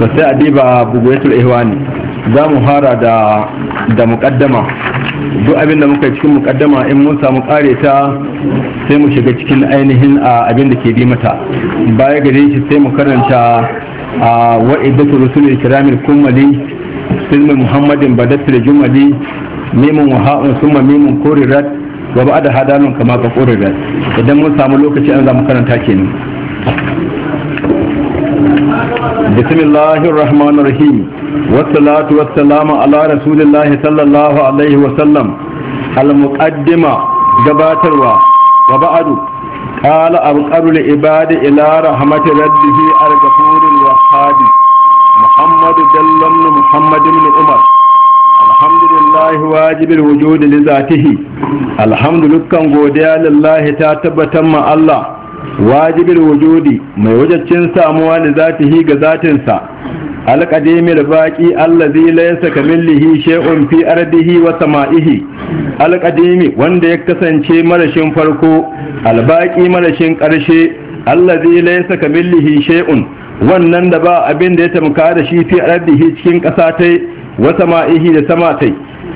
to sai a diba bugoyatul ihwani za mu fara da da muqaddama duk abin da muka yi cikin muqaddama in mun samu kare ta sai mu shiga cikin ainihin abin da ke bi mata baya gare shi sai mu karanta a wa'idatu rusulil kiramil kummali silmi muhammadin badatul jumali mimun waha'un summa mimun kurirat wa ba'da hadanun kama ka kurirat idan mun samu lokaci an za mu karanta kenan بسم الله الرحمن الرحيم والصلاة والسلام على رسول الله صلى الله عليه وسلم المقدمة جباتروا وبعد قال أبقر لعباد إلى رحمة ربه الغفور الوهاب محمد جل بن محمد بن عمر الحمد لله واجب الوجود لذاته الحمد لله godiya lillahi ta tabbatar ma Allah wajibin wujudi mai wajaccin samuwa da zatihi ga zatinsa alƙadimin baƙi allazi laysa kamillihi shay'un fi ardihi wa sama'ihi alƙadimi wanda ya kasance marashin farko albaƙi marashin ƙarshe allazi laysa kamillihi shay'un wannan da ba abin da ya tamka da shi fi ardihi cikin ƙasa ta wa sama'ihi da sama tai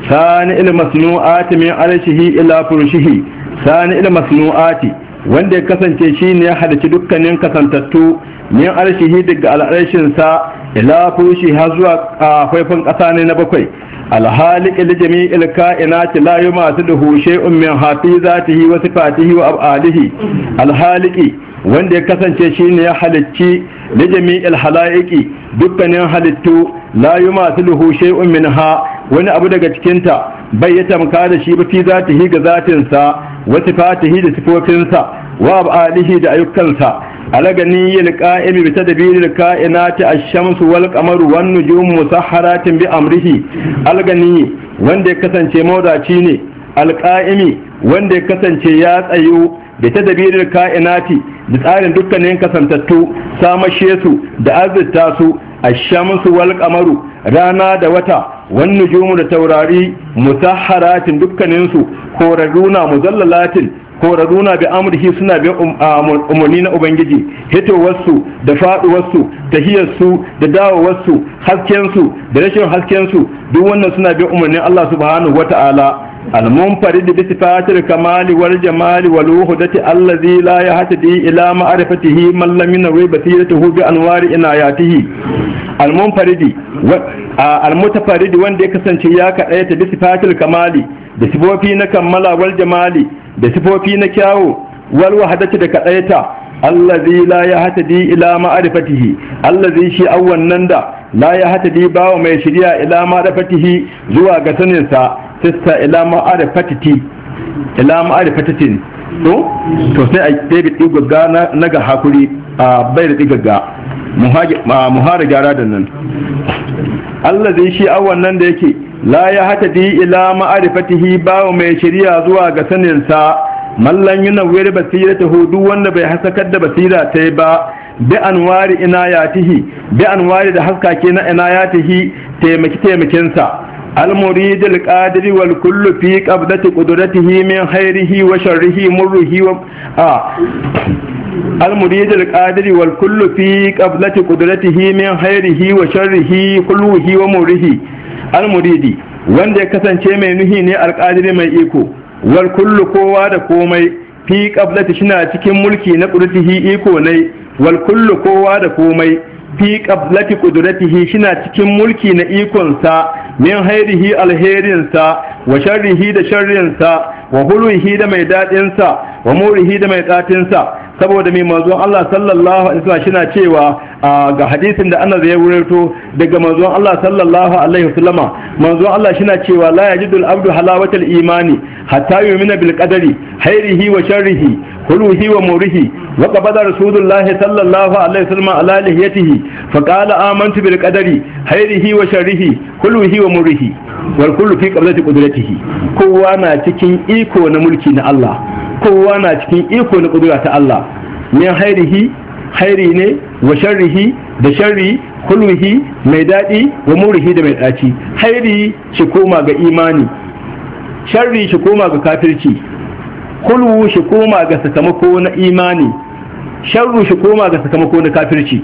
sani il masnu'ati min arshihi ila furshihi sani il masnu'ati wanda ya kasance shi ne ya halarci dukkanin kasantattu min arshihi daga al'arshinsa ila fushi har zuwa a faifin ƙasa ne na bakwai alhalik li jami'il ka'inati la yumathiluhu shay'un min hafizatihi wa sifatihi wa ab'alihi alhaliki wanda ya kasance shi ne ya halicci li jami'il halaiki dukkanin halittu la yumathiluhu shay'un minha wani abu daga cikinta bai ya tamka da shi ba fi zatihi ga zatinsa wa sifatihi da sifofinsa wa abalihi da ayyukansa alagani yil qa'imi bi tadbiril kainati ash-shamsu wal qamaru wan nujumu musahharatin bi amrihi alagani wanda ya kasance maudaci ne qa'imi wanda ya kasance ya tsayo da ta dabirar ka'inati da tsarin dukkanin kasantattu samashe su da azurta su a shamsu wal qamaru rana da wata wannan jumu da taurari musaharatin dukkaninsu koraruna muzallalatin korarruna bi amurhi suna bi um, um, umarni na ubangiji hitowarsu da faduwarsu tahiyarsu da dawowarsu haskensu da rashin haskensu duk wannan suna bi umarnin Allah subhanahu wata'ala المنفرد بصفات الكمال والجمال والوحدة الذي لا يهتدي إلى معرفته من لم ينوي بصيرته بأنوار عناياته almunfaridi almutafaridi wanda ya kasance ya kaɗaya ta bi sifatil kamali da sifofi na kammala wal jamali da sifofi na kyawo wal wahadati da ta allazi la ya hatadi ila ma'arifatihi allazi shi awwan nan da la ya hatadi wa mai shirya ila ma'arifatihi zuwa ga saninsa sista ila ma'arifatiti ila ma'arifatitin to to sai a da ɗigagga na ga hakuri a bai da ɗigagga muhara zai da nan zai shi awon nan da yake la ya hata di ila ma'arifatihi wa mai shari'a zuwa ga saninsa mallan yana wuri basira ta hudu wanda bai hasakar da basira ta ba bi anwari inayatihi bi anwari da haskake na inayatihi taimaki taimakinsa المريد wal kullu fi qabdati qudratihi min khairihi wa sharrihi و... wa المريد القادر والكل في قبلة قدرته من خيره وشره كله ومره المريد wanda ya kasance mai nuhi ne alƙadiri mai iko wal kullu kowa da komai fi qablati shina cikin mulki na qudratihi iko ne wal kowa da komai fi qablati qudratihi shina cikin mulki na ikon sa min hairihi alherin sa wa sharrihi da sharrin sa wa huluhi da mai daɗinsa, sa wa murihi da mai tsatin saboda mai mazuwan Allah sallallahu alaihi wasallam shina cewa ga hadisin da annabi ya wurato daga mazuwan Allah sallallahu alaihi wasallama mazuwan Allah shina cewa la yajidul abdu halawatal imani hatta yu'mina bil qadari khairihi wa sharrihi kuluhi wa murihi wa qabada rasulullahi sallallahu alaihi wasallam ala lihiyatihi fa qala amantu bil qadari khairihi wa sharrihi kuluhi wa murihi wal kullu fi qablati qudratihi kowa na cikin iko na mulki na Allah kowa na cikin iko na kudura ta Allah min hairihi hairi ne wa sharrihi da sharri kulluhi mai daɗi wa murihi da mai ɗaci hairi shi koma ga imani sharri shi koma ga kafirci kulwu shi koma ga sakamako na imani sharru shi koma ga sakamako na kafirci